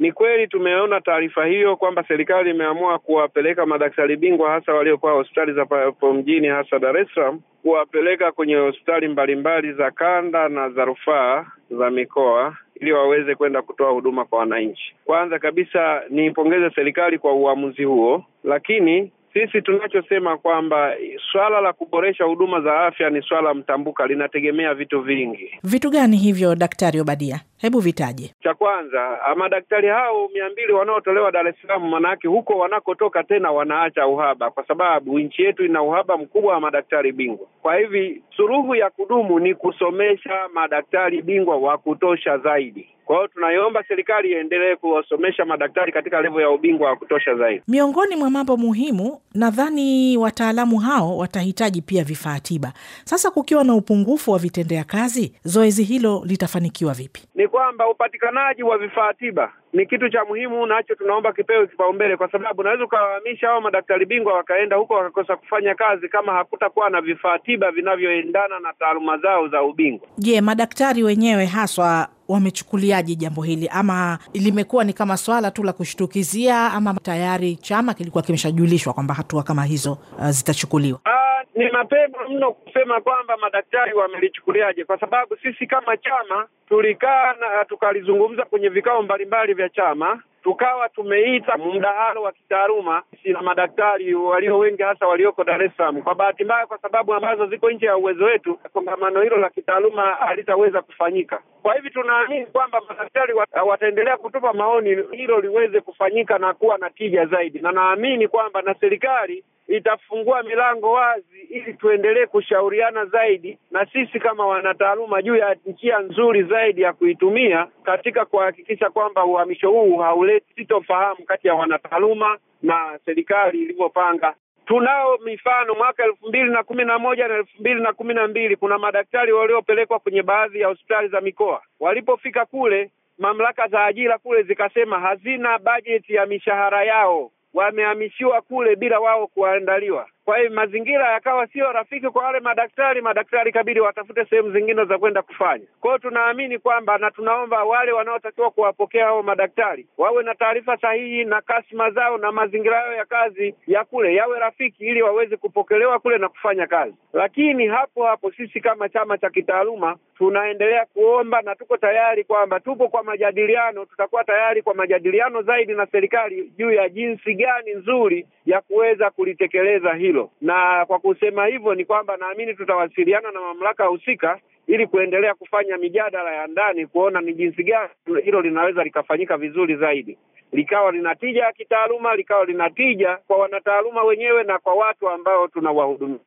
Ni kweli tumeona taarifa hiyo kwamba serikali imeamua kuwapeleka madaktari bingwa hasa waliokuwa hospitali za hapo mjini hasa Dar es Salaam, kuwapeleka kwenye hospitali mbalimbali za kanda na za rufaa za mikoa ili waweze kwenda kutoa huduma kwa wananchi. Kwanza kabisa niipongeze serikali kwa uamuzi huo, lakini sisi tunachosema kwamba swala la kuboresha huduma za afya ni swala mtambuka, linategemea vitu vingi. Vitu gani hivyo, Daktari Obadia? Hebu vitaje. Cha kwanza, madaktari hao mia mbili wanaotolewa Dar es Salaam, maanake huko wanakotoka tena wanaacha uhaba, kwa sababu nchi yetu ina uhaba mkubwa wa madaktari bingwa. Kwa hivi, suluhu ya kudumu ni kusomesha madaktari bingwa wa kutosha zaidi. Kwa hiyo tunaiomba serikali iendelee kuwasomesha madaktari katika levo ya ubingwa wa kutosha zaidi. Miongoni mwa mambo muhimu, nadhani wataalamu hao watahitaji pia vifaa tiba. Sasa kukiwa na upungufu wa vitendea kazi, zoezi hilo litafanikiwa vipi? Ni kwamba upatikanaji wa vifaa tiba ni kitu cha muhimu nacho tunaomba kipewe kipaumbele, kwa sababu unaweza ukawahamisha hao madaktari bingwa wakaenda huko wakakosa kufanya kazi kama hakutakuwa na vifaa tiba vinavyoendana na taaluma zao za ubingwa. Je, madaktari wenyewe haswa wamechukuliaje jambo hili, ama limekuwa ni kama swala tu la kushtukizia, ama tayari chama kilikuwa kimeshajulishwa kwamba hatua kama hizo uh, zitachukuliwa? Ah, ni mapema mno kusema kwamba madaktari wamelichukuliaje, kwa sababu sisi kama chama tulikaa na tukalizungumza kwenye vikao mbalimbali vya chama, tukawa tumeita mdahalo wa kitaaluma na madaktari walio wengi hasa walioko Dar es Salaam. Kwa bahati mbaya, kwa sababu ambazo ziko nje ya uwezo wetu, kongamano hilo la kitaaluma halitaweza kufanyika. Kwa hivi tunaamini kwamba madaktari wataendelea kutupa maoni hilo liweze kufanyika na kuwa na tija zaidi, na naamini kwamba na serikali itafungua milango wazi ili tuendelee kushauriana zaidi na sisi kama wanataaluma juu ya njia nzuri zaidi ya kuitumia katika kuhakikisha kwamba uhamisho huu hauleti sitofahamu kati ya wanataaluma na serikali ilivyopanga. Tunao mifano mwaka elfu mbili na kumi na moja na elfu mbili na kumi na mbili kuna madaktari waliopelekwa kwenye baadhi ya hospitali za mikoa. Walipofika kule, mamlaka za ajira kule zikasema hazina bajeti ya mishahara yao, wamehamishiwa kule bila wao kuandaliwa. Kwa hiyo mazingira yakawa sio rafiki kwa wale madaktari. Madaktari kabidi watafute sehemu zingine za kwenda kufanya. Kwa hiyo tunaamini kwamba na tunaomba wale wanaotakiwa kuwapokea hao madaktari wawe na taarifa sahihi na kasma zao na mazingira yao ya kazi ya kule yawe rafiki, ili waweze kupokelewa kule na kufanya kazi. Lakini hapo hapo sisi kama chama cha kitaaluma tunaendelea kuomba na tuko tayari kwamba tupo kwa majadiliano, tutakuwa tayari kwa majadiliano zaidi na serikali juu ya jinsi gani nzuri ya kuweza kulitekeleza hilo hilo, na kwa kusema hivyo ni kwamba naamini tutawasiliana na mamlaka husika ili kuendelea kufanya mijadala ya ndani kuona ni jinsi gani hilo linaweza likafanyika vizuri zaidi, likawa lina tija ya kitaaluma, likawa lina tija kwa wanataaluma wenyewe na kwa watu ambao tunawahudumia.